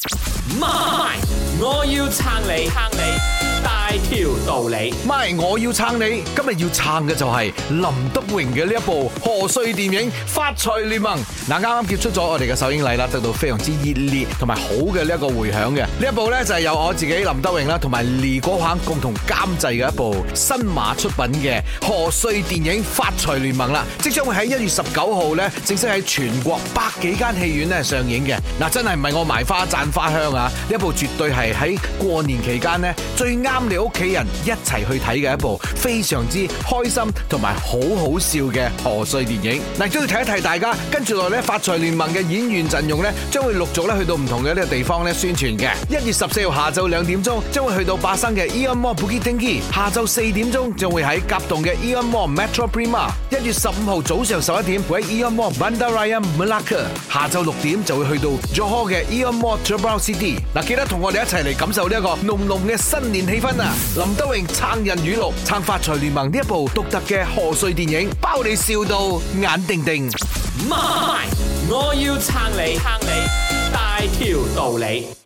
媽咪，My，我要撐你。大條道理，唔係我要撐你。今日要撐嘅就係林德榮嘅呢一部賀歲電影《發財聯盟》。嗱，啱啱結束咗我哋嘅首映禮啦，得到非常之熱烈同埋好嘅呢一個回響嘅。呢一部呢就係由我自己林德榮啦，同埋李果瀚共同監製嘅一部新馬出品嘅賀歲電影《發財聯盟》啦。即將會喺一月十九號呢，正式喺全國百幾間戲院呢上映嘅。嗱，真係唔係我賣花讚花香啊！呢一部絕對係喺過年期間呢最啱。啱你屋企人一齊去睇嘅一部非常之開心同埋好好笑嘅賀歲電影。嗱，都要提一提大家跟住落嚟《發財聯盟》嘅演員陣容咧，將會陸續咧去到唔同嘅呢個地方咧宣傳嘅。一月十四號下晝兩點鐘將會去到巴生嘅 Eon Mall Bukit Tinggi，下晝四點鐘就會喺甲洞嘅 Eon Mall Metro Prima，一月十五號早上十一點會喺 Eon Mall Bandaraya Melaka，下晝六點就會去到 Johor 嘅 Eon Mall Cheras City。嗱，記得同我哋一齊嚟感受呢一個濃濃嘅新年氣分啊！林德榮撐人語錄，撐發財聯盟呢一部獨特嘅賀歲電影，包你笑到眼定定。媽，My. My. 我要撐你，撐你大條道理。